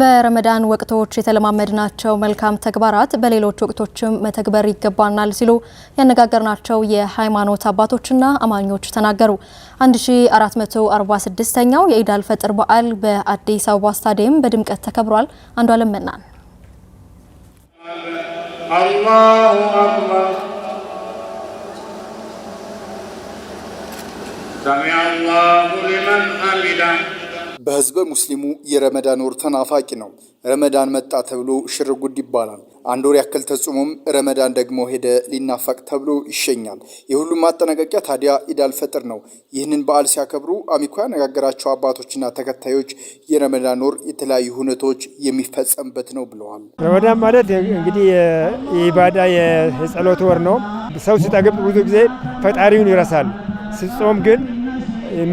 በረመዳን ወቅቶች የተለማመድናቸው መልካም ተግባራት በሌሎች ወቅቶችም መተግበር ይገባናል ሲሉ ያነጋገርናቸው የሃይማኖት አባቶችና አማኞች ተናገሩ። 1446ኛው የኢዳል ፈጥር በዓል በአዲስ አበባ ስታዲየም በድምቀት ተከብሯል። አንዷ መናን አላሁ አክበር ሰሚ አላሁ ሊመን ሐሚዳ በህዝበ ሙስሊሙ የረመዳን ወር ተናፋቂ ነው። ረመዳን መጣ ተብሎ ሽርጉድ ይባላል። አንድ ወር ያክል ተጽሞም ረመዳን ደግሞ ሄደ ሊናፈቅ ተብሎ ይሸኛል። የሁሉም ማጠናቀቂያ ታዲያ ኢዳል ፈጥር ነው። ይህንን በዓል ሲያከብሩ አሚኮ ያነጋገራቸው አባቶችና ተከታዮች የረመዳን ወር የተለያዩ ሁነቶች የሚፈጸምበት ነው ብለዋል። ረመዳን ማለት እንግዲህ የኢባዳ የጸሎት ወር ነው። ሰው ሲጠግብ ብዙ ጊዜ ፈጣሪውን ይረሳል። ሲጾም ግን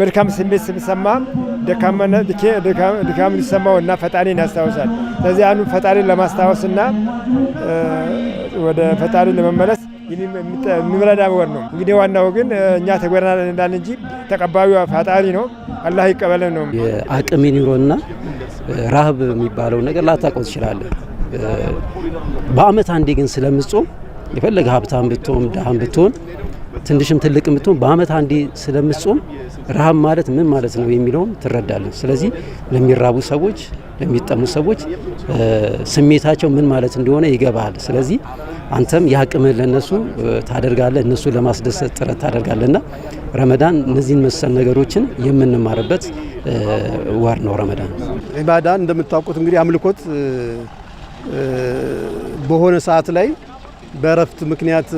መልካም ስሜት ስሰማ። ድካም ሊሰማው እና ፈጣሪን ያስታውሳል። ስለዚህ አሁን ፈጣሪን ለማስታወስና ወደ ፈጣሪ ለመመለስ የሚረዳ ወር ነው። እንግዲህ ዋናው ግን እኛ ተጎድናል እንዳን እንጂ ተቀባዩ ፈጣሪ ነው። አላህ ይቀበለን ነው። የአቅም ኒሮና ረሃብ የሚባለው ነገር ላታውቀው ትችላለህ። በአመት አንዴ ግን ስለምጾም የፈለገ ሀብታም ብትሆን ድሃም ብትሆን ትንሽም ትልቅ የምትሆን በአመት አንዴ ስለምትጾም ረሃብ ማለት ምን ማለት ነው የሚለውን ትረዳለን። ስለዚህ ለሚራቡ ሰዎች፣ ለሚጠሙ ሰዎች ስሜታቸው ምን ማለት እንደሆነ ይገባል። ስለዚህ አንተም የአቅምህን ለእነሱ ታደርጋለህ፣ እነሱን ለማስደሰት ጥረት ታደርጋለህና ረመዳን እነዚህን መሰል ነገሮችን የምንማርበት ወር ነው። ረመዳን ኢባዳን እንደምታውቁት እንግዲህ አምልኮት በሆነ ሰዓት ላይ በእረፍት ምክንያት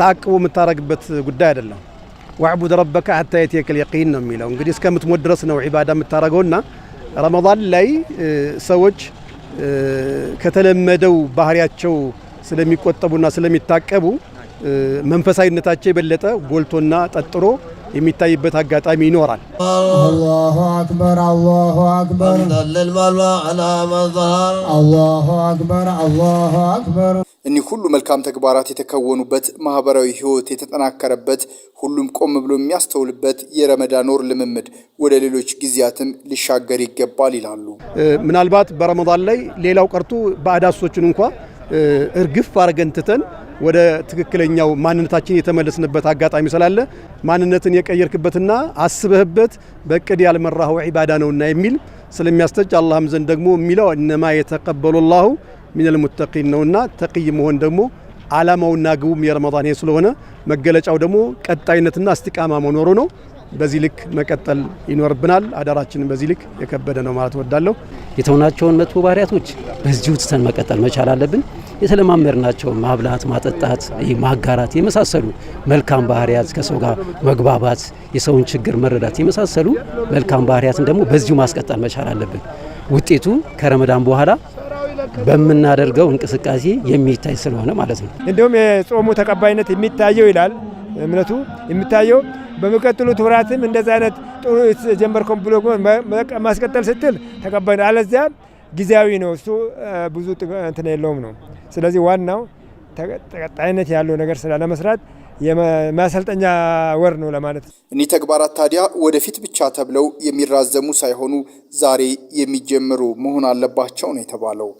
ታቅቦ የምታረግበት ጉዳይ አይደለም። ዋዕቡድ ረበከ ሀታ የትየከል የቂን ነው የሚለው እንግዲህ እስከምትሞት ድረስ ነው ዒባዳ የምታረገውና ረመዳን ላይ ሰዎች ከተለመደው ባህሪያቸው ስለሚቆጠቡና ስለሚታቀቡ መንፈሳዊነታቸው የበለጠ ጎልቶና ጠጥሮ የሚታይበት አጋጣሚ ይኖራል። አላሁ አክበር አላሁ አክበር እኒህ ሁሉ መልካም ተግባራት የተከወኑበት ማህበራዊ ህይወት የተጠናከረበት ሁሉም ቆም ብሎ የሚያስተውልበት የረመዳን ወር ልምምድ ወደ ሌሎች ጊዜያትም ሊሻገር ይገባል ይላሉ። ምናልባት በረመዳን ላይ ሌላው ቀርቶ በአዳሶችን እንኳ እርግፍ አርገን ትተን ወደ ትክክለኛው ማንነታችን የተመለስንበት አጋጣሚ ስላለ ማንነትን የቀየርክበትና አስበህበት በቅድ ያልመራኸው ዒባዳ ነውና የሚል ስለሚያስተጭ አላህም ዘንድ ደግሞ የሚለው እነማ የተቀበሉ ላሁ ሚነል ሙተቂን ነውና ተቅይ መሆን ደግሞ አላማውና ግቡም የረመዳን ስለሆነ መገለጫው ደግሞ ቀጣይነትና እስቲቃማ መኖሩ ነው። በዚህ ልክ መቀጠል ይኖርብናል። አዳራችን በዚህ ልክ የከበደ ነው ማለት ወዳለሁ። የተውናቸውን መጥፎ ባህሪያቶች በዚህ ውስተን መቀጠል መቻል አለብን። የተለማመር ናቸው። ማብላት፣ ማጠጣት፣ ማጋራት የመሳሰሉ መልካም ባህሪያት፣ ከሰው ጋር መግባባት፣ የሰውን ችግር መረዳት የመሳሰሉ መልካም ባህሪያትን ደግሞ በዚሁ ማስቀጠል መቻል አለብን። ውጤቱ ከረመዳን በኋላ በምናደርገው እንቅስቃሴ የሚታይ ስለሆነ ማለት ነው። እንዲሁም የጾሙ ተቀባይነት የሚታየው ይላል እምነቱ የሚታየው በሚቀጥሉት ወራትም እንደዚህ አይነት ጥሩ ጀመርከን ብሎ ማስቀጠል ስትል ተቀባይ አለዚያ ጊዜያዊ ነው፣ እሱ ብዙ እንትን የለውም ነው። ስለዚህ ዋናው ተቀጣይነት ያለው ነገር ስላለመስራት የማሰልጠኛ ወር ነው ለማለት ነው። እኒህ ተግባራት ታዲያ ወደፊት ብቻ ተብለው የሚራዘሙ ሳይሆኑ ዛሬ የሚጀምሩ መሆን አለባቸው ነው የተባለው።